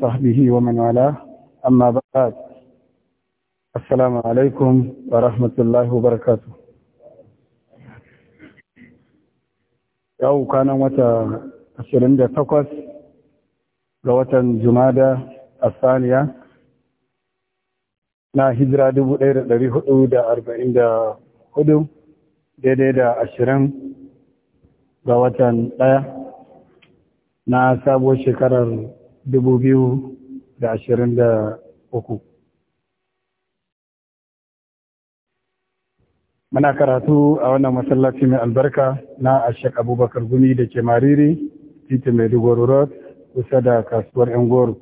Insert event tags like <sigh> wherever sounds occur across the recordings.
صحبه ومن والاه أما بعد السلام عليكم ورحمة الله وبركاته yau kwanan wata 28 ga watan jumada asaniya na hijira 1444 daidai da 20 ga watan ɗaya na sabuwar shekarar uku. Muna karatu a wannan masallaci mai albarka na Ashek Abubakar Gumi da ke Mariri, titi Maiduguri Road, kusa da kasuwar Ngoro.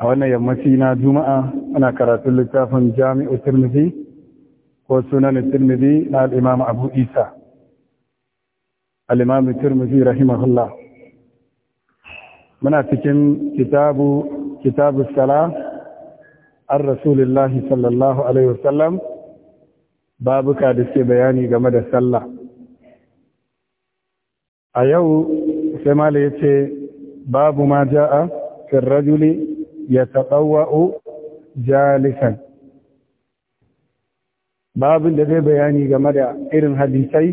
A wannan yammaci na Juma'a muna karatun littafin Jami'u Tirmidhi ko sunan Tirmidhi na al'imam Abu Isa. Al'imam Tirmidhi rahimahullah. muna cikin kitabu kitabu sala an rasulullahi sallallahu alaihi wasallam babuka da suke bayani game da sallah a yau sai mala ya babu ma ja'a fin rajuli ya taɓawa'u jalisan babin da zai bayani game da irin hadisai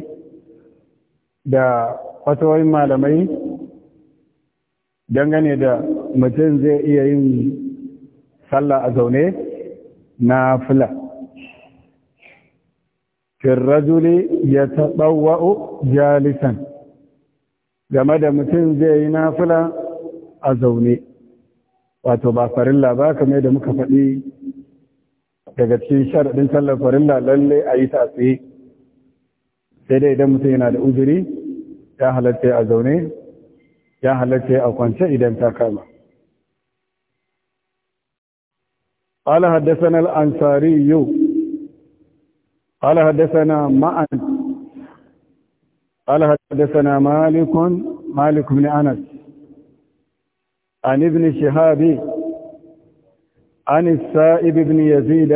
da fatawoyin malamai dangane da mutum zai iya yin sallah a zaune na fila firrajuli ya taɓa wa’o jalisan game da mutum zai yi na fila a zaune wato ba farilla ba kamar da muka faɗi daga cikin sharaɗin sallar farilla lalle a yi ta tsaye sai dai idan mutum yana da uzuri ya halatta a zaune ya halatta a kwance idan ta kama قال حدثنا الأنصاري قال حدثنا معا قال حدثنا مالك مالك بن أنس عن ابن شهاب عن السائب بن يزيد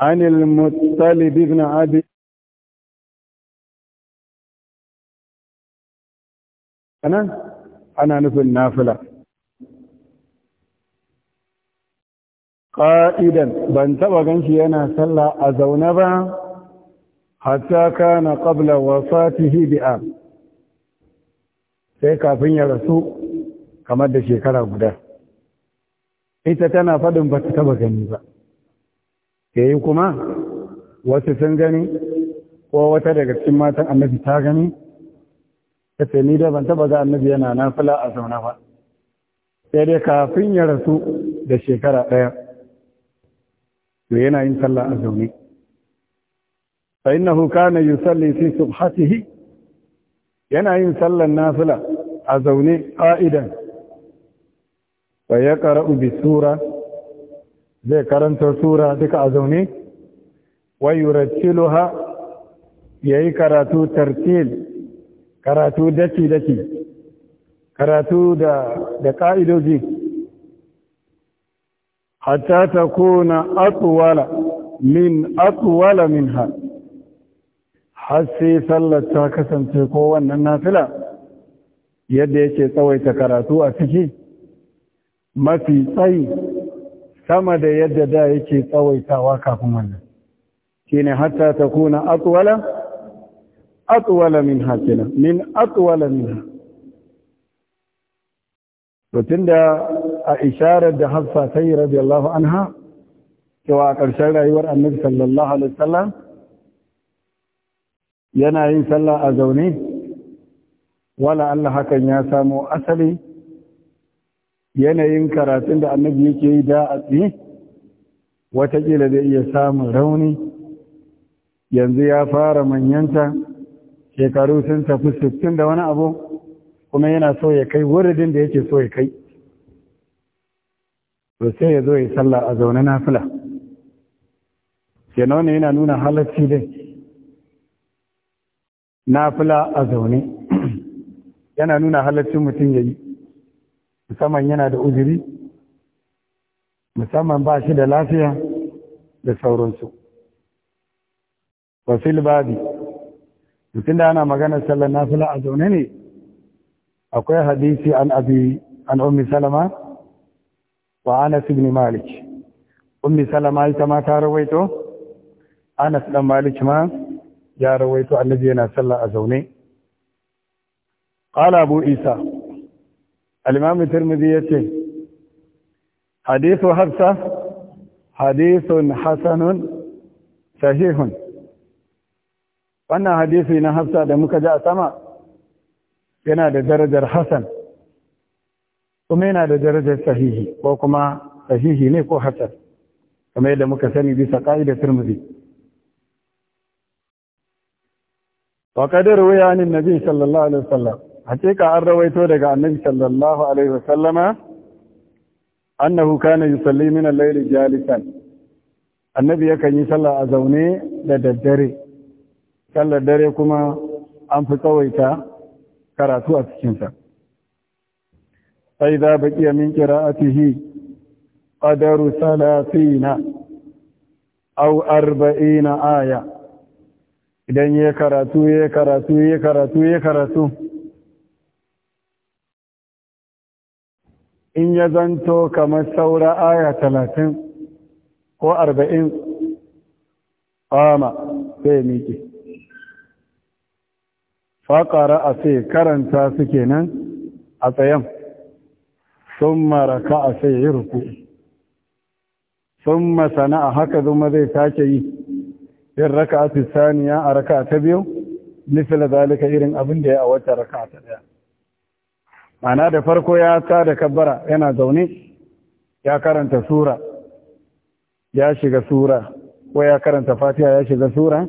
عن المطلب بن عبد anan ana nufin nafila ƙa'idan ban taɓa ganshi yana sallah a zaune ba hatta kana qabla wasatihi bi'a sai kafin ya rasu kamar da shekara guda ita tana faɗin ba ta taɓa gani ba yayi eh, kuma wasu sun gani ko wata daga cikin matan annabi ta gani ta ce ni dai ban taba ga annabi yana nan fila a zauna ba sai dai kafin ya rasu da shekara ɗaya to yana yin sallah a zaune fa innahu kana yusalli fi subhatihi yana yin sallar nafila a zaune qa'idan fa yaqra'u bi sura zai karanta sura duka a zaune wa yurattiluha yayi karatu tartil karatu daki-daki karatu da da ƙa'idoji hatta ta kuna min atsuwala min ha har sai sallar ta kasance ko wannan nafila yadda yake tsawaita karatu a ciki mafi tsayi sama da yadda da yake tsawaitawa kafin wannan shine hatta ta kuna atsuwala atwala min hakina min atwala min tun da a isharar da hafsa ta yi radiyallahu anha cewa a ƙarshen rayuwar annabi sallallahu alaihi wasallam yana yin sallah a zaune wala Allah hakan ya samo asali yanayin karatun da annabi yake yi da a tsaye watakila zai iya samun rauni yanzu ya fara manyanta shekaru sun tafi sittin da wani abu kuma yana so ya kai wuridin da yake so ya kai to sai ya zo ya sallah a zaune nafila ke wannan yana nuna halacci dai nafila a zaune <clears throat> yana nuna halaccin mutum ya yi musamman yana da uzuri musamman ba shi da lafiya da sauransu wasu babi tun da ana magana sallar nafila a zaune ne akwai hadisi an abi an ummi salama wa anas ibn malik ummi salama ita ma ta rawaito anas dan malik ma ya rawaito annabi yana sallah a zaune qala abu isa al-imam tirmidhi yace hadithu hafsa hadithun hasanun sahihun wannan hadisi na hafsa da muka ji a sama yana da darajar hasan kuma yana da darajar sahihi ko kuma sahihi ne ko hasan kuma yadda muka sani bisa ka'idar tirmidhi wa qadar ruya an sallallahu alaihi wasallam hakika an rawaito daga annabi sallallahu alaihi wasallama annahu kana yusalli min al-layli jalisan annabi yakan yi sallah a zaune da daddare sallar dare kuma an fi tsawaita karatu a cikinsa sai za baƙiya min ƙira'atihi ƙadaru salafina, au arba'ina aya idan ya karatu ya karatu ya karatu ya karatu in ya zanto kamar saura aya talatin ko arba'in ƙama sai ya miƙe faƙara a sai karanta suke nan a tsayen sun maraka a sai yi ruku sun masana a haka zuma zai sake yi yin raka a a raka ta biyu misali zalika irin abin da ya a wata raka ta daya mana da farko ya ta da kabbara yana zaune ya karanta sura ya shiga sura ko ya karanta fatiha ya shiga sura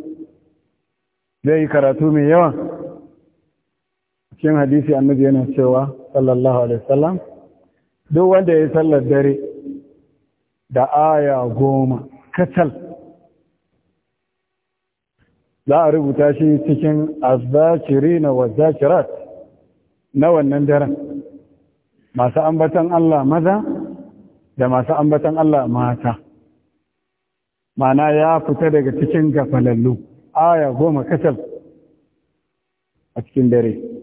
zai yi karatu mai yawan? cikin hadisi annabi yana cewa sallallahu alaihi wasallam duk wanda ya sallar dare da aya goma katal za a rubuta shi cikin azzakirina na wazzakirat na wannan daren masu ambatan Allah maza da masu ambatan Allah mata mana ya fita daga cikin gafalallu aya goma katal a cikin dare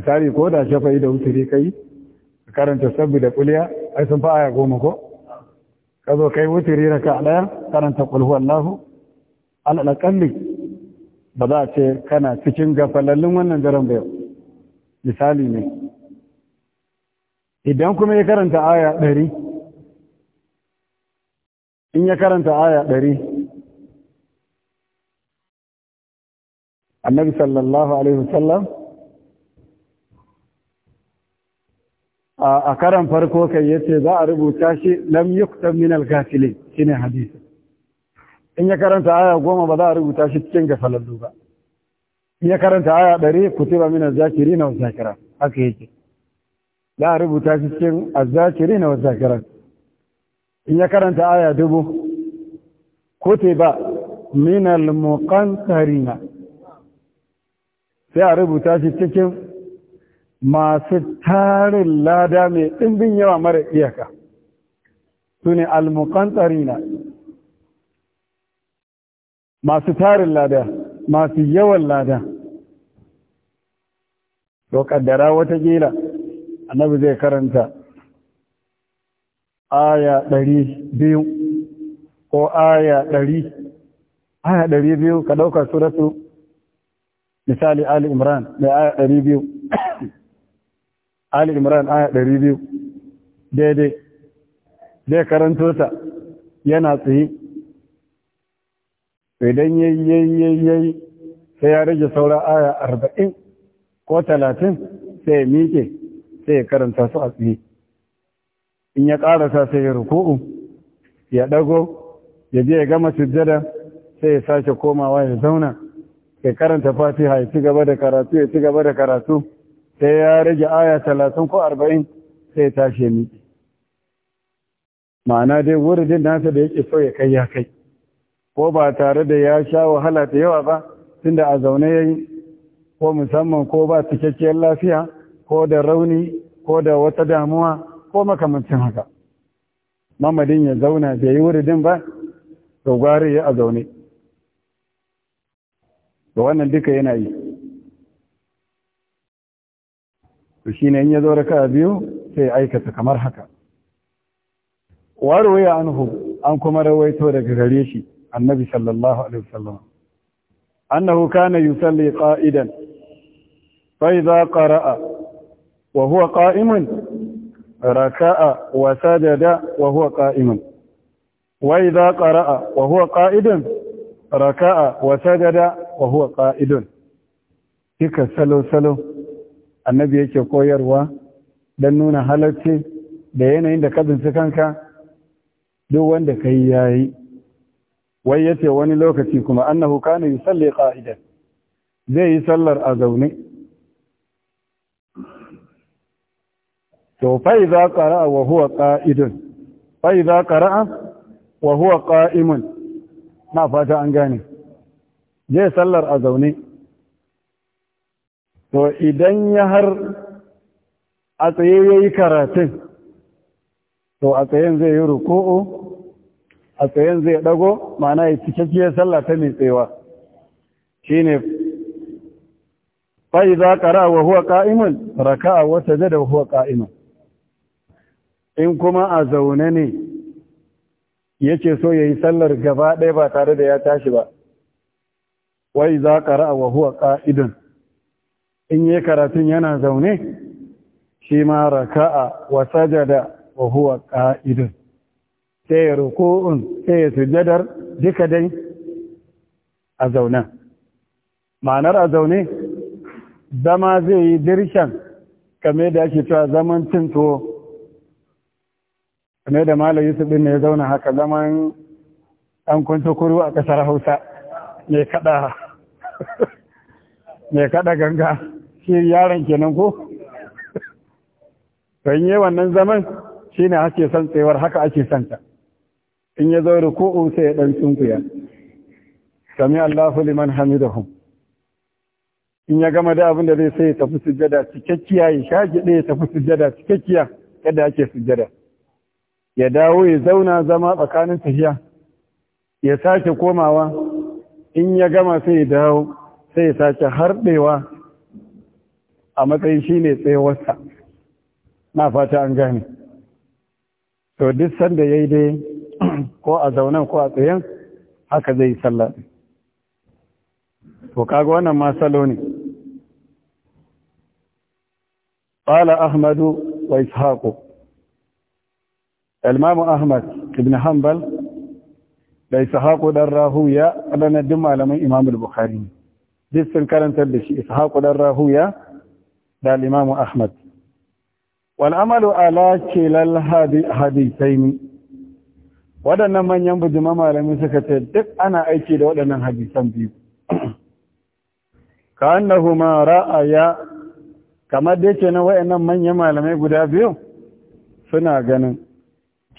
misali ko da shafa'i da wuturi kai karanta sabbi da kuliya ai sun fa'a ya goma ko ka zo kai wuturi ka ɗaya karanta kulhu huwallahu alal ba za a ce kana cikin gafalallin wannan daren bayan misali ne idan kuma ya karanta aya ɗari in ya karanta aya ɗari annabi sallallahu alaihi wasallam a karan farko kai yace za a rubuta shi lam yuktab min al-ghafilin shine hadisi in ya karanta aya goma ba za a rubuta shi cikin gafalallu ba in ya karanta aya ɗari kutuba min az-zakirina wa zakira haka yake za a rubuta shi cikin az-zakirina wa zakira in ya karanta aya dubu kutuba min al-muqantarina sai a rubuta shi cikin masu tarin lada mai ɗimbin yawa mara iyaka su ne almukantarina masu tarin lada masu yawan lada to kaddara gila annabi zai karanta aya ɗari biyu ko aya ɗari aya ɗari biyu ka ɗauka suratu misali ali imran mai aya ɗari biyu <coughs> ali imran aya 200 daidai zai karanto ta yana tsaye idan yayi sai ya rage saura aya arba'in ko talatin sai ya miƙe sai ya karanta su a tsaye in ya ƙara sai ya ruku'u ya ɗago ya je ya gama sujjada sai ya sake komawa ya zauna ya karanta fatiha ya ci gaba da karatu ya ci gaba da karatu sai ya rage aya talatin ko arba'in sai tashe ni ma'ana dai wuridin nasa da yake so ya kai ya kai ko ba tare da ya sha wahala da yawa ba tun da a zaune ya yi ko musamman ko ba cikakkiyar lafiya ko da rauni ko da wata damuwa ko makamancin haka mamadin ya zauna da yi wuridin ba to gwari ya a zaune da wannan duka yana yi to shine in ya zo raka biyu sai aikata kamar haka warwaya anhu an kuma rawaito daga gare shi annabi sallallahu alaihi wasallam annahu kana yusalli qa'idan fa idza qara'a wa huwa qa'imun raka'a wa sajada wa huwa qa'imun wa idza qara'a wa huwa qa'idun raka'a wa sajada wa huwa qa'idun kika salo salo annabi yake koyarwa don nuna halarci da yanayin da ka tsinci kanka duk wanda ka yi ya yi wai yace wani lokaci kuma annahu kana yusalli qa'idan zai yi sallar a zaune to fa idza qara'a wa huwa qa'idun fa idza qara'a wa huwa qa'imun na fata an gane zai sallar a zaune to idan ya har a tsaye ya yi karatun to a tsayen zai yi ruku'u a tsayen zai ɗago ma'ana ya cikakkiyar sallah ta mai tsewa shi ne fa'i za ƙara wa huwa ƙa'imun raka'a wata zai da huwa ƙa'imun in kuma a zaune ne yake so ya yi sallar gaba ɗaya ba tare da ya tashi ba wai za ƙara wa huwa ƙa'idun in yi karatun yana zaune shi ma raka'a wa sajada wa huwa ƙa’idun sai ruku'un sai ya sujadar duka dai a zaune ma'anar a zaune zama zai yi dirshan kame da ake cewa zaman cin tuwo kame da malam yusuf din ya zauna haka zaman ɗan kwanci kuru a ƙasar hausa mai kaɗa <laughs> ganga shi yaron kenan ko ban <laughs> yi wannan zaman shi ne ake son tsewar haka ake santa in ya zo ruku'u sai ya ɗan tsunkuya sami Allahu liman hamidahum in ya gama da abin da zai sai ya tafi sujjada cikakkiya ya shage ɗaya ya tafi sujjada cikakkiya kada ake sujada. ya dawo ya zauna zama tsakanin tafiya ya sake komawa in ya gama sai ya dawo sai ya sake harɗewa a matsayin shi ne tsayawarsa na fata an gane to duk sanda ya yi dai <clears throat> ko a zaunan ko a tsayen haka zai yi sallah to kaga wannan ma salo ne qala ahmadu wa ishaqu ahmad ibn hanbal da ishaku dan rahuya ɗanar duk malaman imamul bukhari duk sun karanta da shi ishaqu dan rahuya da limamu Ahmad. Wal'amalu ala kelal hadisai waɗannan manyan bujima malami suka ce duk ana aiki da waɗannan hadisan biyu. Ka annahuma ra'aya kamar da yake na waɗannan manyan malamai guda biyu suna ganin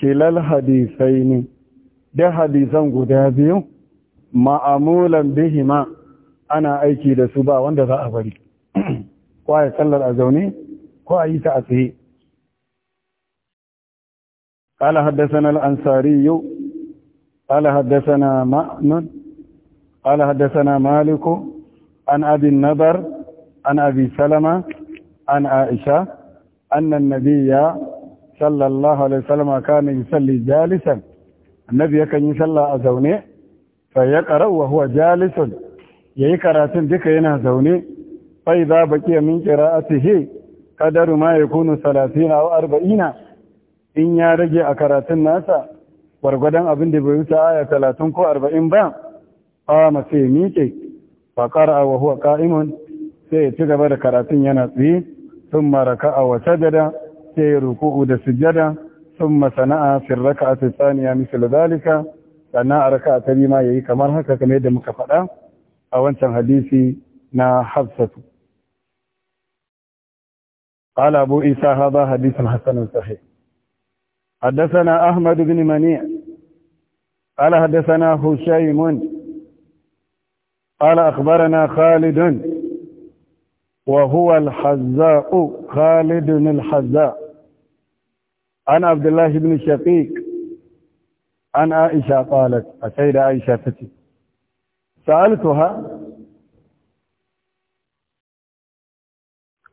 kelal hadisai ne, da hadisan guda biyu ma'amulan bihima ana aiki da su ba wanda za a bari. <clears throat> ko a yi sallar a zaune ko a yi ta a tsaye قال حدثنا الأنصاري قال حدثنا مأمن قال حدثنا مالك عن أبي النضر عن أبي سلمة عن عائشة أن النبي صلى الله عليه وسلم كان يصلي جالسا النبي كان يصلى أزوني فيقرأ وهو جالس يقرأ ذكر هنا زوني فإذا بقي من قراءته قدر ما يكون 30 أو arba'ina. in ya rage a karatun nasa gwargwadon abin da bai wuta aya talatin ko arba'in ba masu sai miƙe faƙara wa huwa ƙa'imun sai ya ci gaba da karatun yana tsaye sun maraka a wata jada, sai ya ruku'u da jada, sun masana'a firraka a tsaniya misal zalika sannan a raka a ma ya yi kamar haka kamar yadda muka faɗa a wancan hadisi na hafsatu قال أبو إيسى هذا حديث حسن صحيح حدثنا أحمد بن منيع قال حدثنا هشيم قال أخبرنا خالد وهو الحزاء خالد الحزاء عن عبد الله بن شقيق عن عائشة قالت السيدة عائشة فتي سألتها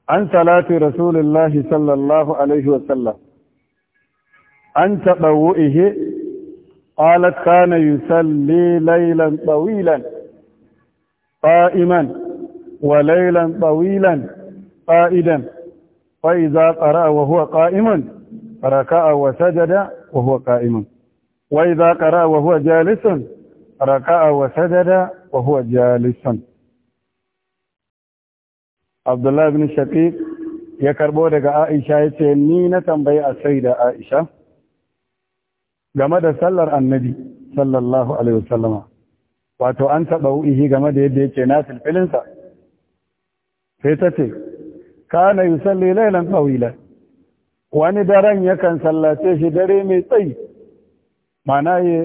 عن صلاة رسول الله صلى الله عليه وسلم عن تطوئه قالت كان يسلي ليلا طويلا قائما وليلا طويلا قائدا فإذا قرأ وهو قائم ركع وسجد وهو قائم وإذا قرأ وهو جالس ركع وسجد وهو جالس abdullahi bin Shafiq ya karbo daga aisha ya ce ni na tambayi a sai da aisha game da sallar annabi sallallahu alaihi wasallama wato an taɓa wu'ihi game da yadda yake na filfilinsa sai ta ce kana yi salli lailan ɗawila wani daren yakan sallace shi dare mai tsayi mana yi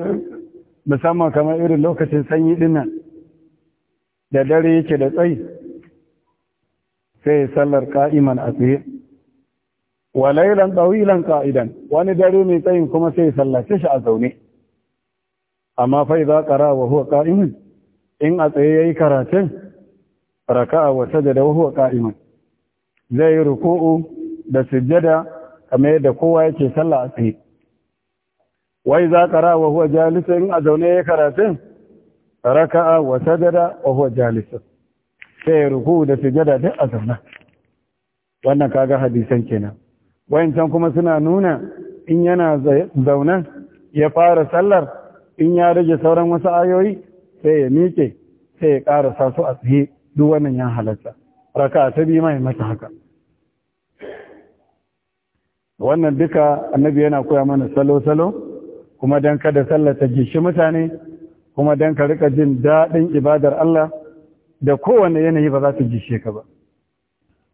musamman kamar irin lokacin sanyi dinnan da dare yake da tsayi sai sallar ka'iman a tsaye wa lailan tawilan qa'idan wani dare mai tsayin kuma sai sallace shi a zaune amma fa idza qara wa huwa qa'imun in a tsaye yayi karatun raka'a wa sajada wa huwa qa'imun zai ruku'u da sujjada kamar yadda kowa yake sallah a tsaye wa idza qara wa huwa jalisun in a zaune yayi karatun raka'a wa sajada wa huwa jalisun sai ya ruku da sujada duk a zauna wannan kaga hadisan kenan wayancan kuma suna nuna in yana zaunan ya fara sallar in ya rage sauran wasu ayoyi sai ya miƙe sai ya sa su a tsaye duk wannan ya halatta raka ta bi mai mata haka wannan duka annabi yana koya mana salo-salo kuma don kada sallar ta gishi mutane kuma dan ka rika jin daɗin ibadar Allah da kowane yanayi ba za su ji ka ba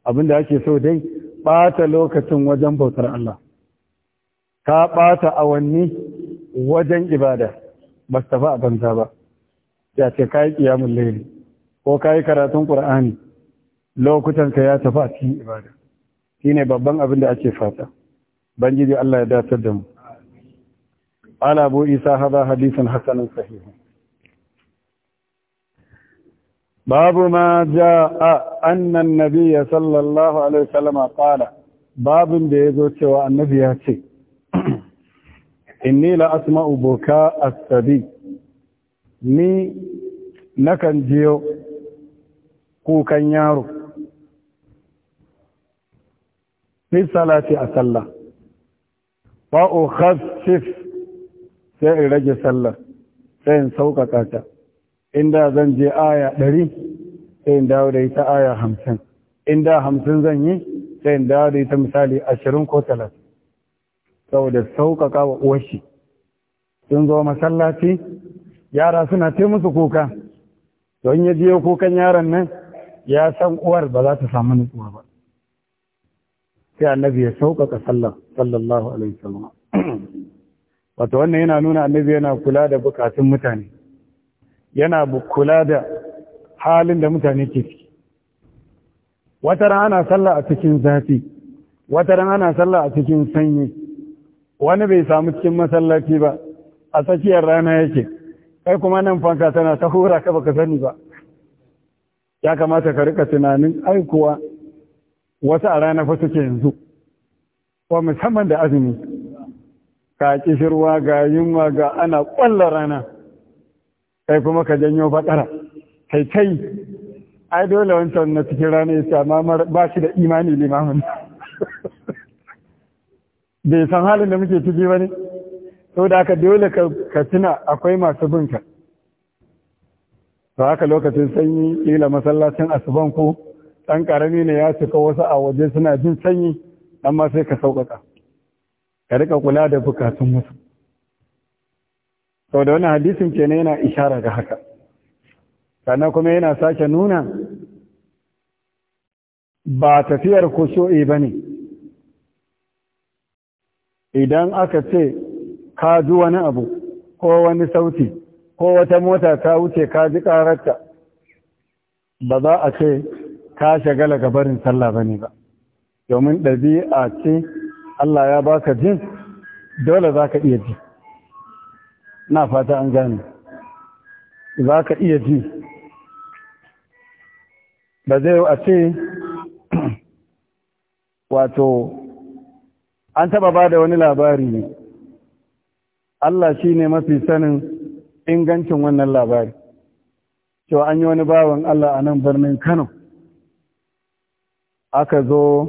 abinda ake so dai ɓata lokacin wajen bautar Allah ka ɓata awanni wajen ibada ba su tafi a banza ba ya ce ka yi ƙiyamun laili ko ka yi karatun ƙur'ani ka ya tafi a cikin ibada shi ne babban abin da ake fata banjiji Allah ya datar da mu ala abu isa haza hadisin hasanin sahihun باب ما جاء أن النبي صلى الله عليه وسلم قال باب بيزوت والنبي هاتي إني لأسمع بكاء السبي ni nakan jiyo kukan yaro fi salati a sallah fa'o khasif sai in rage sallar sai in sauƙaƙa ta inda zan je aya ɗari sai in dawo da ita aya hamsin inda hamsin zan yi sai in dawo da ita misali ashirin ko talatin saboda sauƙaƙa wa uwashi sun zo masallaci yara suna ce musu kuka don ya jiyo kukan yaron nan ya san uwar ba za ta samu nutsuwa ba sai annabi ya sauƙaƙa sallah sallallahu alaihi wasallam <clears throat> wato wannan yana nuna annabi yana kula da bukatun mutane yana kula da halin da mutane ke ciki wata ran ana sallah a cikin zafi wata ran ana sallah a cikin sanyi wani bai samu cikin masallaci ba a tsakiyar rana yake kai kuma nan fanka tana ta hura ka baka sani ba ya kamata ka rika tunanin aikuwa wasu a rana fa suke yanzu wa musamman da azumi ka ruwa ga yunwa ga ana ƙwallon rana kai kuma ka janyo bakara kai kai ai dole wancan na cikin rana ya ce ma ba shi da imani limamin <laughs> bai san halin da muke ciki ba ne sau da aka dole ka tuna akwai masu binka to haka lokacin sanyi kila masallacin asuban ko ɗan ƙarami ne ya cika wasu a waje suna jin sanyi amma sai ka sauƙaƙa ka rika kula da bukatun wasu sau da wani hadisun ke yana ishara ga haka sannan kuma yana sake nuna ba tafiyar kushu'i ba ne idan aka ce ka ji wani abu ko wani sauti ko wata mota ta wuce ka ji ƙararta ba za a ce ka shagala gabarin sallah ba ne ba domin a ce Allah ya baka jin dole za ka iya ji na fata an gane za ka iya ji ba zai a ce <clears throat> wato an taba ba da wani labari ne Allah shi ne mafi sanin ingancin wannan labari cewa an yi wani bawan Allah a nan birnin Kano aka zo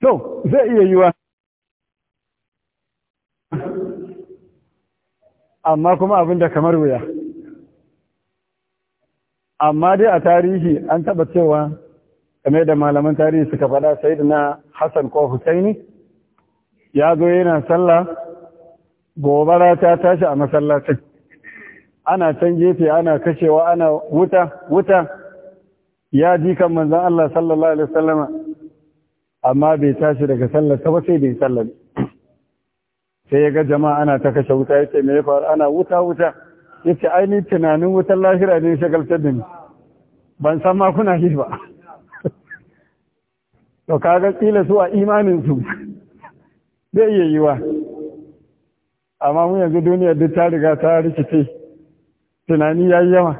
to zai iya yiwa amma kuma abin kamar wuya amma dai a tarihi an taba cewa game da malaman tarihi suka faɗa sai na hassan ko husaini ya zo yana sallah gobara ta tashi a masallacin ana can gefe ana kashewa ana wuta wuta ya ji kan manzan Allah sallallahu alaihi wasallama amma bai tashi daga sallar ta ba sai bai sallar sai ya ga jama'a ana ta kashe wuta ya ce me faru ana wuta wuta ya ce ainihin tunanin wutar lahira ne shagaltar da ni ban san ma kuna shi ba <laughs> to ga kila su a imaninsu su <laughs> zai iya wa amma mu yanzu duniya duk ta riga ta rikice tunani ya yi yawa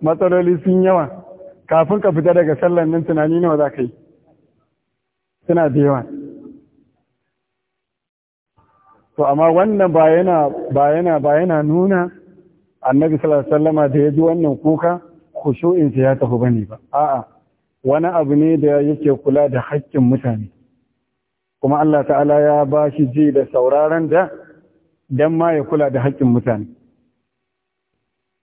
matsaloli sun yawa kafin ka fita daga sallan nan tunani nawa za ka yi suna da yawa to amma wannan ba yana ba yana ba yana nuna annabi sallallahu alaihi wasallama da ya ji wannan kuka khushu'in sa ya tafi bane ba a'a wani abu ne da yake kula da haƙƙin mutane kuma Allah ta'ala ya ba shi ji da sauraron da dan ma ya kula da haƙƙin mutane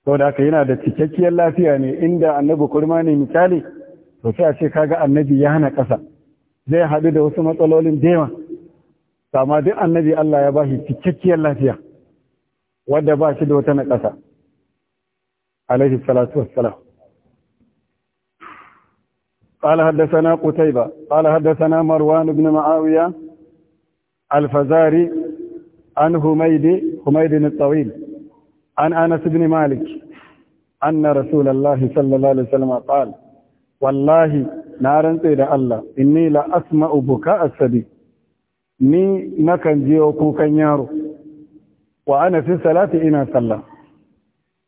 To da haka yana da cikakkiyar lafiya ne inda annabi kurma ne misali to sai a ce kaga annabi ya hana ƙasa zai haɗu da wasu matsalolin da yawa Sama duk annabi Allah ya bashi cikakkiyar lafiya wadda ba shi da wata na ƙasa. Alaihi salatu wassalam. قال حدثنا قتيبة قال حدثنا مروان بن معاوية الفزاري عن هميد هميد الطويل عن أنس بن مالك أن رسول الله صلى الله عليه وسلم قال والله نارا إلى الله إني لا أسمع بكاء السبيل ni nakan biyo kukan yaro wa ana fi salati ina sallah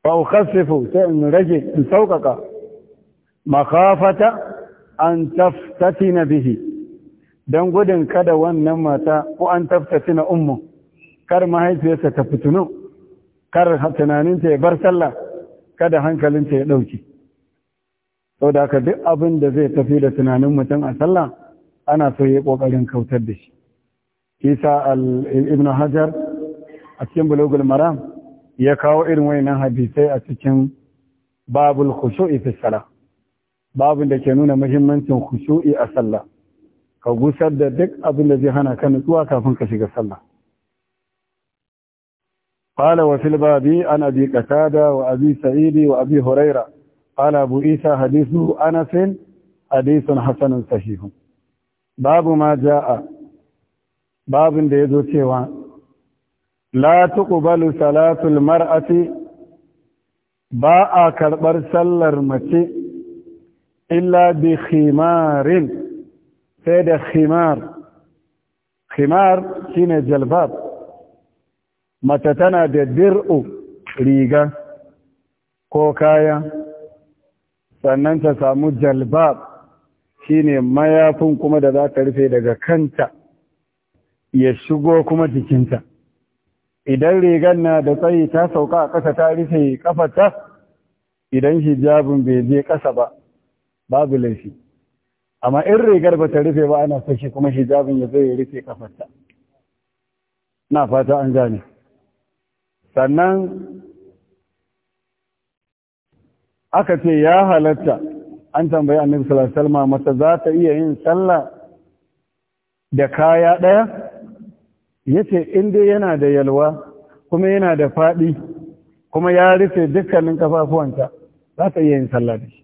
fa ukhassifu sai in rage in saukaka makhafata an taftatina bihi dan gudun kada wannan mata ko an na ummu kar mahaifiyarsa ta fitinu kar tunaninta ya bar sallah kada hankalinta ya dauki saboda haka duk abin da zai tafi da tunanin mutum a sallah ana so ƙoƙarin kokarin kautar da shi isa ibn hajar a cikin bulogul maram ya kawo irin wayannan hadisai a cikin babul khushu'i fi salah babun da ke nuna muhimmancin khushu'i a sallah ka gusar da duk abin da zai hana ka nutsuwa kafin ka shiga sallah babi an الباب qatada wa abi وأبي wa abi hurayra qala abu isa hadithu anas hadithun hasanun sahihun babu ma jaa babin da ya zo cewa la tuqbalu salatul mar'ati ba a karɓar sallar mace illa bi khimarin sai da khimar khimar shine jalbab mace tana da dir'u riga ko kaya sannan ta samu jalbab shine mayafin kuma da za ta rufe daga kanta ya shigo kuma jikinta idan rigar na da tsayi ta sauka a ƙasa ta rufe ƙafarta idan hijabin bai je ƙasa ba babu laifi amma in rigar ba ta rufe ba ana sake kuma hijabin ya zo ya rufe ƙafarta na fata an gane sannan aka ce ya halatta an tambayi annabi sallallahu alaihi wasallam mata za ta iya yin sallah da kaya ɗaya Ya ce inda yana da yalwa kuma yana da faɗi kuma ya rufe dukkanin kafafuwanta za ka iya yin sallah da shi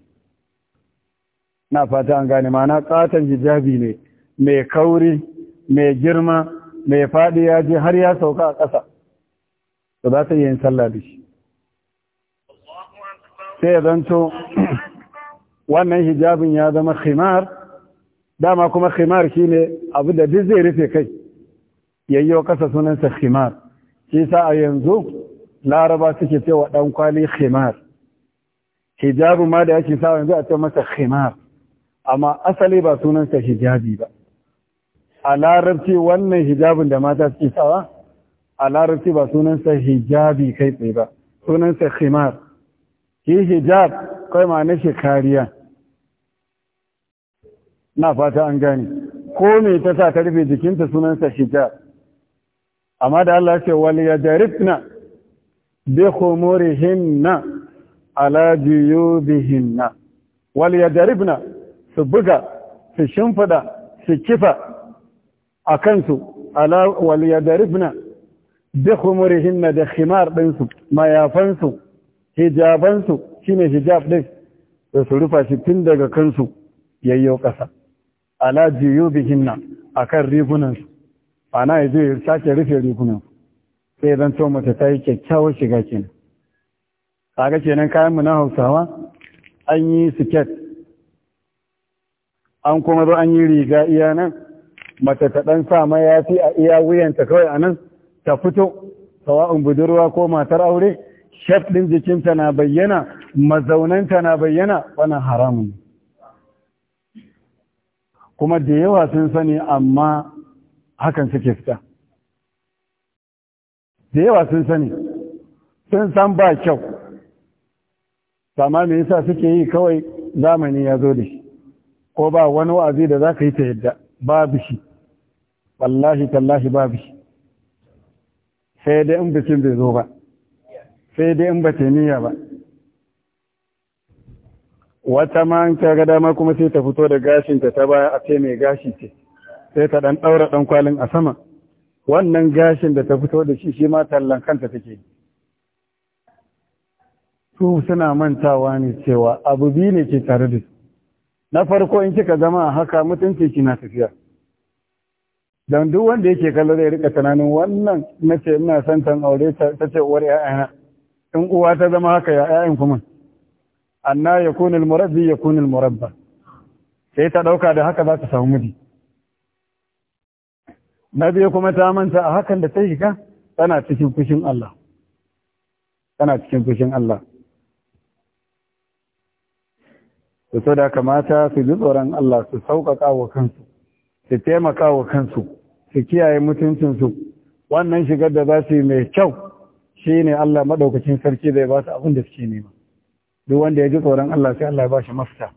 na fata an gane mana katon hijabi ne mai kauri mai girma mai faɗi ya je har ya sauka a ƙasa to za ka iya yin sallah da shi sai ya zanto <clears throat> wannan hijabin ya zama khimar dama kuma khimar shine abu da duk zai rufe kai yi wa ƙasa sunansa khimar shi sa a yanzu laraba suke cewa ɗan kwali khimar hijabu ma da yake sa yanzu a ce masa khimar amma asali ba sunansa hijabi ba a larabci wannan hijabin da mata suke sawa a larabci ba sunansa hijabi kai tsaye ba sunansa khimar shi hijab kai ma'ana shi kariya na fata an gane ko me ta sa ta rufe jikinta sunansa hijab amma da Allah ce wal yadribna bi khumurihinna ala juyubihinna wal yadribna su buga su shimfida su kifa a kansu ala wal yadribna bi khumurihinna da khimar ɗinsu mayafansu hijabansu shine hijab ɗin da su rufa shi tun daga kansu yayyo ƙasa ala juyubihinna akan rigunansu ana ya zai ya sake rufe riguna? sai zan to mace ta yi kyakkyawar shiga kenan kaga kenan kayan mu na hausawa an yi siket an kuma zo an yi riga iya nan mace ta ɗan sa mayafi a iya wuyanta kawai a nan ta fito sawa'un budurwa ko matar aure shaf ɗin jikinta na bayyana mazaunanta na bayyana wannan haramun kuma da yawa sun sani amma hakan suke fita da yawa sun sani sun san ba kyau sama me yasa suke yi kawai zamani ya zo da shi ko ba wani wa'azi da za ka yi ta yadda babu shi wallahi tallahi babu shi sai dai in bikin bai zo ba sai dai in ba niyya ba wata ma an kaga dama kuma sai ta fito da gashinta ta baya a ce mai gashi ce sai ta ɗan ɗaura ɗan kwalin a sama wannan gashin da ta fito da shi shi ma tallan kanta take su suna mantawa ne cewa abu biyu ne ke tare da su na farko in kika zama a haka mutunci shi na tafiya don duk wanda yake kallo zai rika tunanin wannan na ce ina son tan aure ta ce uwar ya'yana in uwa ta zama haka ya ya'yan kuma anna yakunul murabbi yakunul murabba sai ta ɗauka da haka za ta samu miji na biyu kuma ta manta a hakan da ta shiga tana cikin fushin Allah tana cikin fushin Allah su so da kamata su ji tsoron Allah su sauƙaƙa wa kansu su taimaka wa kansu su kiyaye mutuncinsu wannan shigar da za su yi mai kyau shi ne Allah maɗaukacin sarki zai ba su abin da suke nema duk wanda ya ji tsoron Allah sai Allah ya ba shi mafita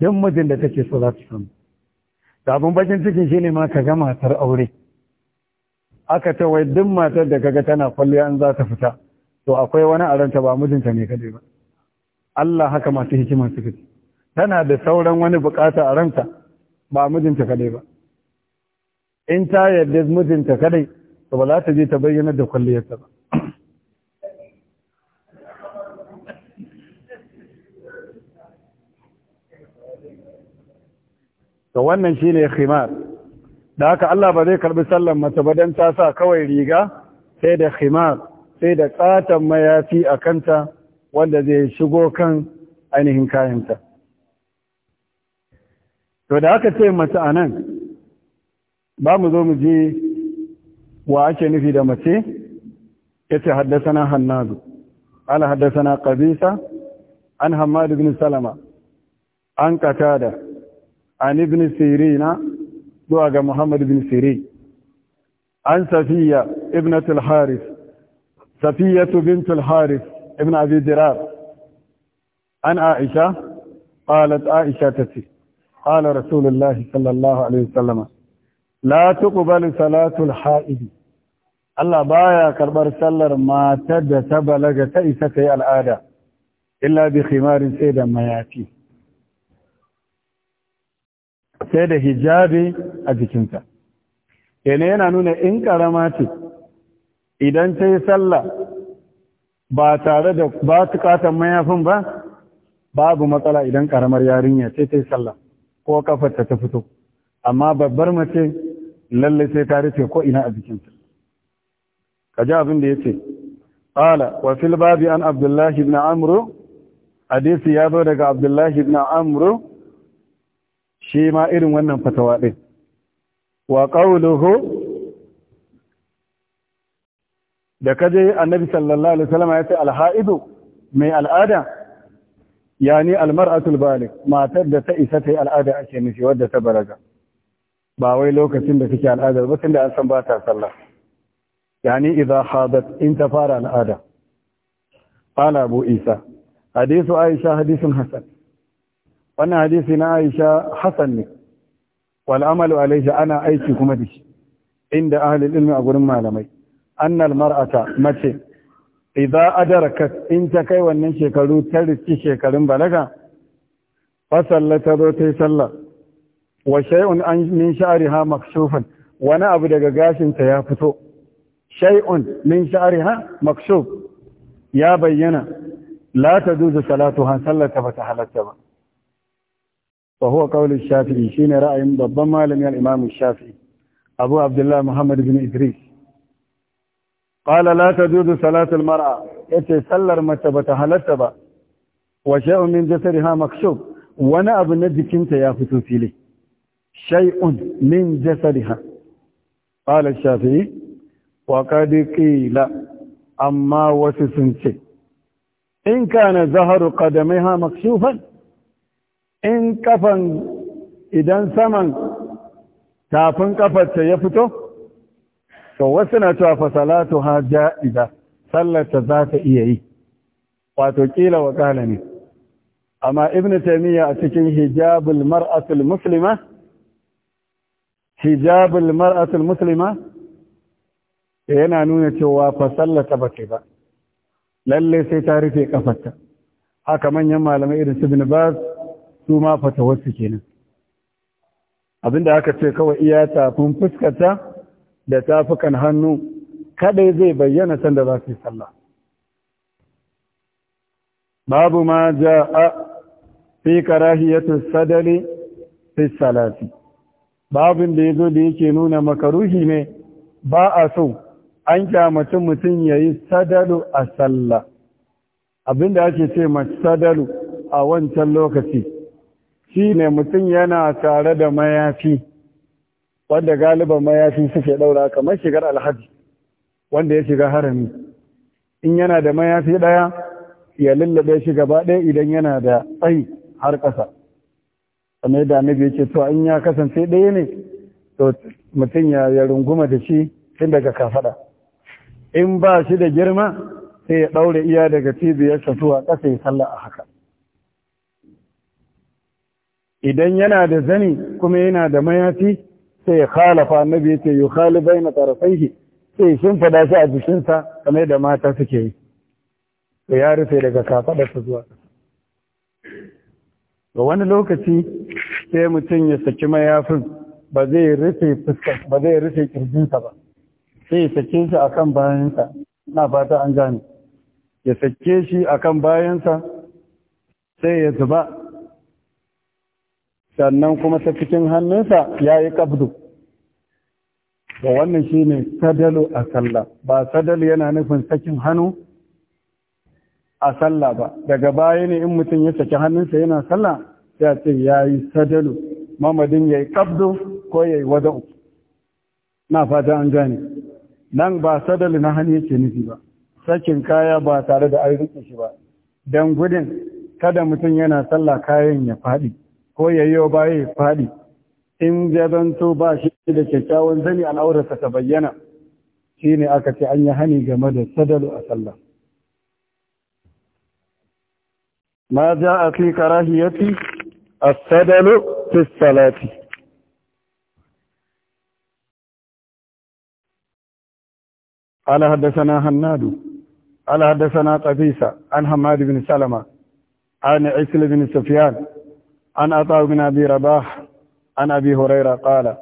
duk mijin da take so za su samu da abin bakin cikin shine ma ka ga matar aure aka ta wai duk matar da kaga tana kwalliya an za ta fita to akwai wani a ranta ba mijinta ne kadai ba Allah haka masu hikima suka ce tana da sauran wani buƙata a ranta ba mijinta kadai ba in ta yarda mijinta kadai to ba za ta je ta bayyana da kwalliyarta ba to wannan shi ne khimar da haka Allah ba zai karbi sallan mace ba dan ta sa kawai riga sai da khimar sai da katan mayafi a kanta wanda zai shigo kan ainihin kayanta to da haka ce mace anan ba mu zo mu je wa ake nufi da mace yace haddathana hannadu ala haddathana qabisa an hammad ibn salama an qatada an ibn sirina zuwa ga muhammad ibn sirin an safiya ibnatul haris safiyatu bintul haris ibn abi an aisha qalat aisha tace qala rasulullah sallallahu alaihi wasallam la tuqbalu salatul haidi Allah baya karbar sallar matar da ta balaga ta isa ta yi al'ada illa bi khimarin sai da mayafi sai da hijabi a jikinta yana yana nuna in ƙarama ce idan ta yi sallah ba tare da ba ƙatan mayafin ba babu matsala idan karamar yarinya ce ta yi sallah ko kafarta ta fito amma babbar mace lalle sai ta rufe ko ina a jikinta ka ji abin da ya ce ƙala wa fil babi an abdullahi ibn amru hadisi ya zo daga abdullahi ibn amru shi ma irin wannan fatawa ɗin wa ƙauluhu da kaje annabi sallallahu alaihi wasallam ya ce alhaidu mai al'ada yani almar'atul balik matar da ta isa ta yi al'ada ake nufi wadda ta balaga ba wai lokacin da take al'ada ba da an san ba ta sallah yani idza hadat in ta fara al'ada qala abu isa hadisu aisha hadisun hasan wannan hadisi na Aisha hasan ne wal amalu alaihi ana aiki kuma da shi inda ahli ilmi a gurin malamai annal mar'ata mace idza adarakat in ta kai wannan shekaru ta riski shekarun balaga fa sallata zo ta yi sallah wa shay'un an min sha'riha makshufan wani abu daga gashinta ya fito shay'un min sha'riha makshuf ya bayyana la salatu han sallata bata halatta ba wa huwa qawlu shafi'i shine ra'ayin babban malami al shafi'i abu abdullah muhammad bin idris qala la tajuzu salatu al-mar'a yace sallar mace bata halarta ba wa shay'un min jasadiha makshuf wani abu na jikinta ya fito fili shay'un min jasadiha qala al-shafi'i wa qad amma wasu sun ce in kana zaharu qadamaiha makshufan in kafan idan saman tafin kafarta ya fito to wasu na cewa fa salatu ha ja'iza sallarta za ta iya yi wato kila wa kala ne amma ibnu taymiya a cikin hijabul mar'atul muslima hijabul mar'atul muslima yana nuna cewa fa sallata ba ba lalle sai ta rufe kafarta haka manyan malamai irin su ibn baz su ma fatawarsu kenan abinda aka ce kawai iya tafin fuskata da tafukan hannu kaɗai zai bayyana sanda za su yi sallah babu ma ja'a fi karahiyatu sadari fi salati babin da yazo da yake nuna makaruhi ne ba a so an kyamaci mutum ya yi sadalu a sallah abinda ake ce ma sadalu a wancan lokaci shi ne mutum yana tare da mayafi wanda galiban mayafi suke ɗaura kamar shigar alhaji wanda ya shiga harami in yana da mayafi ɗaya ya lullube shi gaba ɗaya idan yana da tsayi har ƙasa kamar da annabi yake to in ya kasance ɗaya ne to mutum ya runguma da shi tun daga kafaɗa in ba shi da girma sai ya ɗaure iya daga sa zuwa ƙasa ya sallah a haka idan yana da zani kuma yana da mayafi sai ya khalafa annabi yace yukhali baina tarafaihi sai shin fada shi a jikinsa kamar da mata suke yi to ya rufe daga su zuwa ga wani lokaci sai mutum ya saki mayafin ba zai rufe fuskar ba zai rufe kirjinsa ba sai ya sake shi akan bayansa ina fata an gane ya sake shi akan bayansa sai ya zuba sannan kuma ta cikin hannunsa ya yi ƙabdu Ba wannan shi ne sadalu a sallah ba sadalu yana nufin sakin hannu a sallah ba daga baya ne in mutum ya saki hannunsa yana sallah ya ce ya yi sadalu mamadin ya yi ƙabdu ko ya yi wada'u na fata an gane nan ba sadalu na hannu yake nufi ba sakin kaya ba tare da ayyukan shi ba don gudun kada mutum yana sallah kayan ya faɗi ko yayyo baye fadi in ya to ba shi da kyakkyawan zani al'aurarsa ta bayyana shine aka ce an yi hani game da sadalu a sallah ma ja a fi karahiyati as sadalu fi salati قال حدثنا هناد قال حدثنا قبيسة عن حماد بن سلمة عن عسل بن سفيان عن عطاء بن أبي رباح عن أبي هريرة قال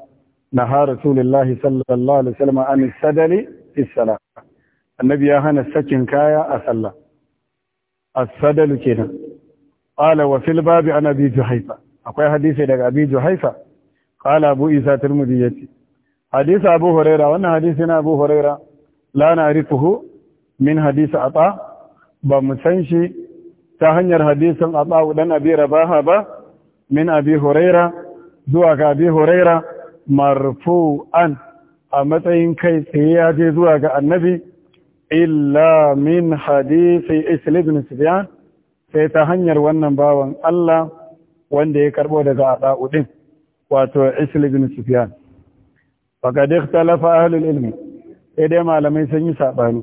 نهى رسول الله صلى الله عليه وسلم عن السدل في الصلاة النبي يهان السكن كايا أسلا السدل كنا قال وفي الباب عن أبي جحيفة أقول حديث لك أبي جحيفة قال أبو إيسى ترمذي حديث أبو هريرة وأن حديثنا أبو هريرة لا نعرفه من حديث عطاء بمسنشي ta hanyar hadisin Abu Dan Abi Rabaha ba min abi huraira zuwa ga abi huraira marfu'an a matsayin kai tsaye ya je zuwa ga annabi illa min hadisi isli bin sufyan sai ta hanyar wannan bawan Allah wanda ya karbo daga ada'u din wato isli bin sufyan faqad ikhtalafa ahlul ilmi sai dai malamai sun yi sabani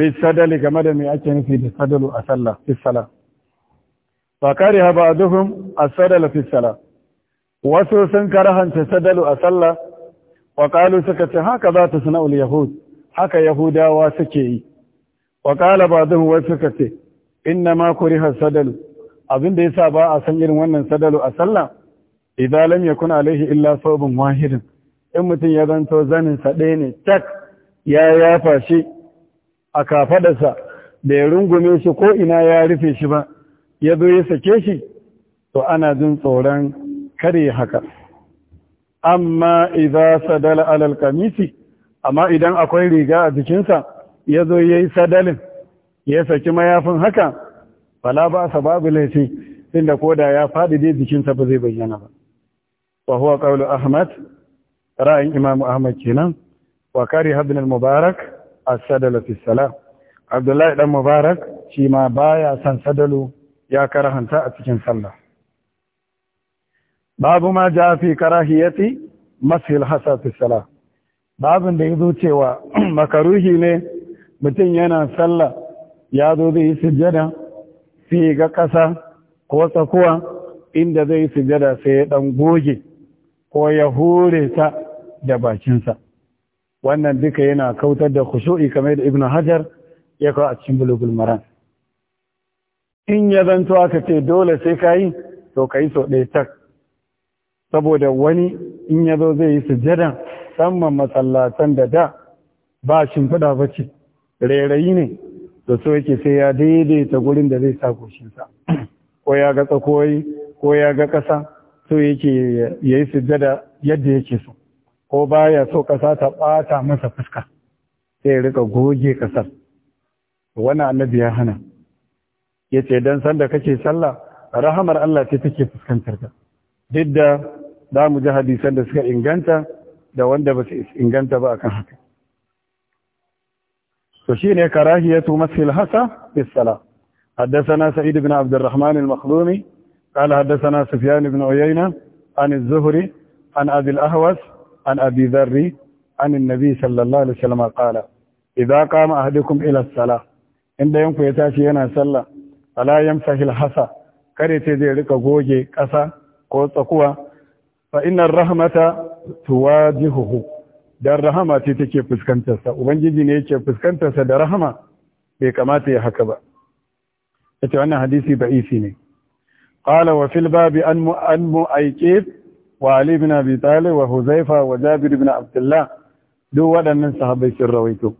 fi sadali game da me ake nufi da sadalu a sallah fi salah ha ba ba'dhum a sadala fi wasu sun karahanta sadalu a sallah wakalu suka ce haka za ta sana'ul yahud haka yahudawa suke yi wakala ba ba'dhum wasu suka ce inna ma ha sadalu abin da yasa ba a san irin wannan sadalu a sallah idalam ya kuna alaihi illa sobin wahirin? in mutum ya zanto zanin sa ɗaya ne tak ya yafa shi a kafadarsa da ya rungume shi ko ina ya rufe shi ba ya zo ya sake shi to ana jin tsoron kare haka amma idan sadal alal kamisi amma idan akwai riga a jikinsa ya zo ya yi sadalin ya saki mayafin haka wala ba sa babu laifi inda koda ya faɗi dai jikinsa ba zai bayyana ba wa huwa qawlu ahmad ra'ayin imam ahmad kenan wa kari ibn al-mubarak as sadal fi salam abdullahi dan mubarak shi ma baya san sadalu ya karahanta a cikin sallah babu ma ja fi karahiyati mashil hasati sala babin da yazo cewa <clears throat> makaruhi ne mutum yana sallah ya zo zai yi sujjada sai ga ƙasa ko tsakuwa inda zai yi sujjada sai ya dan goge ko ya hure ta da bakinsa wannan duka yana kautar da khushu'i kamar da ibnu hajar ya kawo a cikin bulugul in ya zanto aka ce dole sai ka yi to ka yi sau ɗaya tak saboda wani in ya zo zai yi jada samman matsalatan da da ba fada ba ce rairayi ne da so yake sai ya daidaita gurin da zai sa goshinsa <clears throat> ko ya ga tsakowai ko ya ga ƙasa so yake ya yi sujada yadda yake so ko baya so ƙasa ta ɓata masa fuska sai ya riƙa goge ƙasar wannan annabi ya hana ya ce don sanda kake tsalla rahamar Allah ce take fuskantar ka duk da za mu ji hadisan da suka inganta da wanda ba su inganta ba akan kan haka so shi ne karahi ya tu masu ilhasa bis tsala haddasa sa'id ibn abdurrahman al-makhlumi kala haddasa na sufiyan ibn oyaina an zuhuri an abil ahwas an abi zarri an nabi sallallahu alaihi wasallam qala idza qama ahadukum ila as-salah inda yanku ya tashi yana sallah ala yamsahil hasa kare ce zai rika goge ƙasa ko tsakuwa fa innar rahmata tuwajihuhu dan rahama ce take fuskantar sa ubangiji ne yake fuskantar da rahama bai kamata ya haka ba yace wannan hadisi ba'isi ne qala wa fil babi an wa ali ibn abi talib wa huzaifa wa jabir ibn abdullah duk waɗannan sahabbai sun rawaito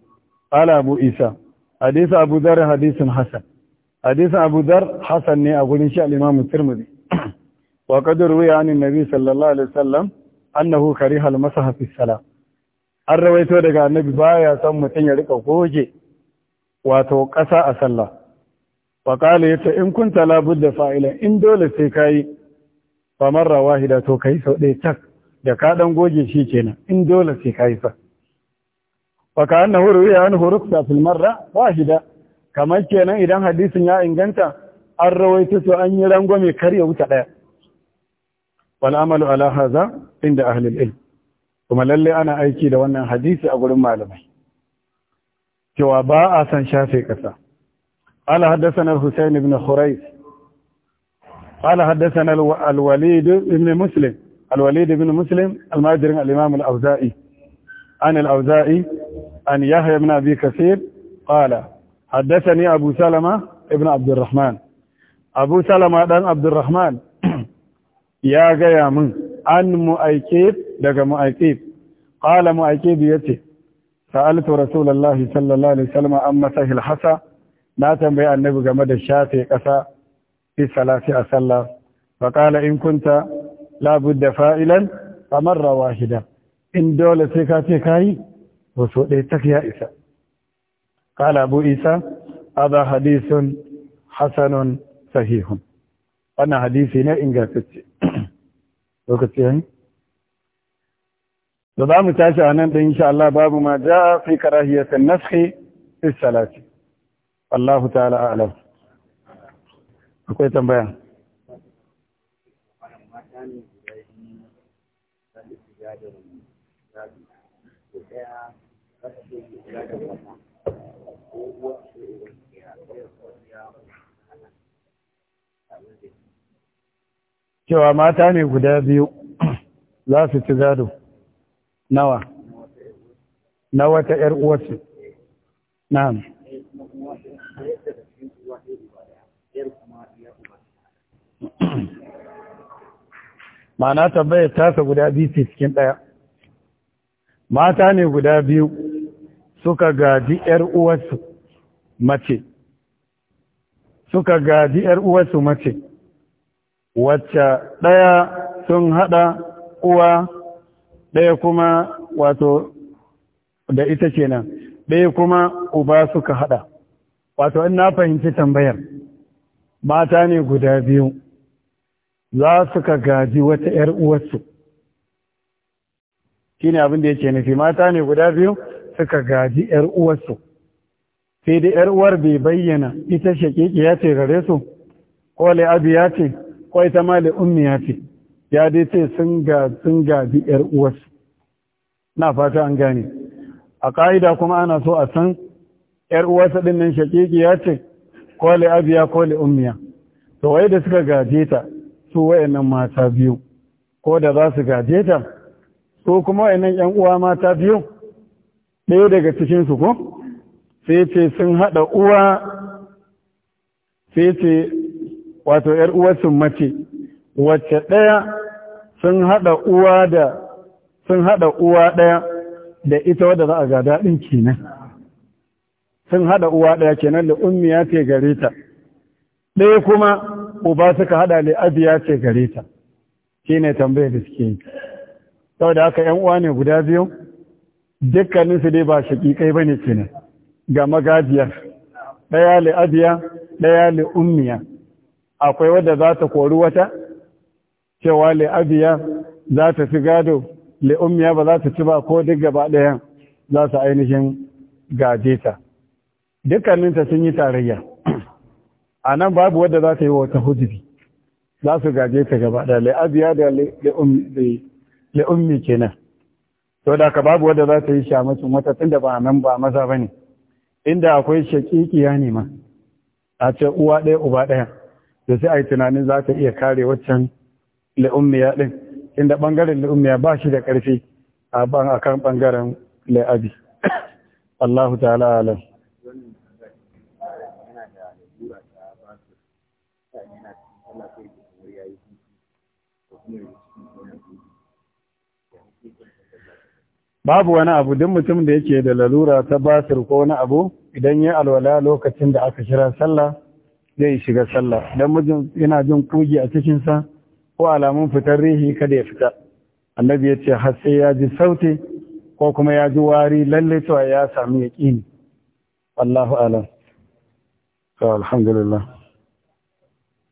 qala abu isa hadisi abu dhar hadisin hasan hadisin abu dar hasan ne a gurin shi al-imam tirmidhi <clears throat> wa qad ruwiya an annabi sallallahu alaihi wasallam annahu kariha al-masah fi salat an rawaito daga ba ya son mutum ya rika goge wato ƙasa a sallah wa qala yace in kuntala la budda in dole sai kai fa marra wahida to kai sau ɗaya tak da ka goge shi kenan in dole sai kai sa wa ka annahu ruwiya an hurukta fil marra wahida kamar kenan idan hadisin ya inganta an rawaita su an yi rangwame mai karya wuta ɗaya Wani amalu ala haza inda ahlul il kuma lalle ana aiki da wannan hadisi a gurin malamai cewa ba a san shafe ƙasa ala haddathana Hussaini ibn khurais ala haddasa al ibn muslim al ibn muslim al al auzai an al-auza'i an yahya ibn abi haddathani abu salama ibn Abdulrahman, abu salama dan abdurrahman ya gaya min an mu'aikib daga mu'aikib qala mu'aikib yace sa'altu rasulullahi sallallahu alaihi wasallam an masahil hasa na tambayi annabi game da shafe ƙasa, fi salati a sallah fa qala in kunta la da fa'ilan fa marra wahida in dole sai kace kayi wasu to so dai tak isa قال أبو إيسى هذا حديث حسن صحيح أنا حديثي لا إنجاز كتش <coughs> وكتش هن يعني؟ لو دام تاسع إن شاء الله باب ما جاء في كراهية النسخ في الصلاة الله تعالى أعلم أكوي تنبيا Thank cewa mata ne guda biyu za su ci gado nawa na wata ‘yar uwarsu na'am ma'ana tabbayar tasa guda biyu cikin ɗaya mata ne guda biyu suka gaji ‘yar uwarsu mace, suka gaji ‘yar uwarsu mace, wacce ɗaya sun haɗa uwa ɗaya kuma wato da ita nan, ɗaya kuma uba suka haɗa. Wato, in na fahimci tambayar, mata ne guda biyu, za su gaji wata ‘yar uwarsu. Shi ne abin da yake nufi, mata ne guda biyu, suka gaji ‘yar uwarsu, sai da ‘yar uwar bai bayyana ita shaƙiƙi ya ce gare su, ko abi ya ce, ko ita ma ummi ya ce, ya dai ce sun gaji ‘yar uwarsu. Na fata an gane. A ƙa'ida kuma ana so a san ‘yar uwarsa ɗin nan shaƙiƙi ya ce, ko abu ya ko ya. To wai da suka gaje ta su wayannan mata biyu, ko da za su gaje ta, kuma wayannan ‘yan uwa mata biyu. ɗaya daga cikinsu ko sai ce sun haɗa uwa sai ce wato ‘yar uwarsu mace wacce ɗaya sun haɗa uwa da sun haɗa uwa ɗaya da ita wadda za a ga ɗin kenan sun haɗa uwa ɗaya kenan da ummiya ce gare ta ɗaya kuma uba suka haɗa da abiya ce gare ta shi ne tambayar da suke yi saboda haka ‘yan uwa ne guda biyu dukkaninsu dai ba shaƙiƙai ba ne kenan ga magajiyar ɗaya li'abiya ɗaya ummiya akwai wadda za ta kori wata cewa li'abiya za ta fi gado ummiya ba za ta ci ba ko duk gaba za su ainihin gaje ta dukkaninta sun yi tarayya a nan babu wadda za ta yi wata hujubi za su gaje ta gaba ɗaya li'abiya da ummi kenan to da ka babu wadda za ta yi shamacin wata tunda ba nan ba maza ba ne inda akwai shakikiya ne ma a ce uwa ɗaya uba ɗaya da sai a yi tunanin za ta iya kare waccan la'ummiya ɗin inda ɓangaren la'ummiya ba shi da ƙarfi a kan ɓangaren la'abi <coughs> Allahu ta'ala alam babu wani abu duk mutum da yake da lalura ta basir ko wani abu idan ya alwala lokacin da aka kira sallah zai shiga sallah dan mijin yana jin kugi a cikin sa ko alamun fitar rihi kada ya fita annabi ya ce har sai ya ji sauti ko kuma ya ji wari lalle to ya sami yaqini wallahu a'lam to alhamdulillah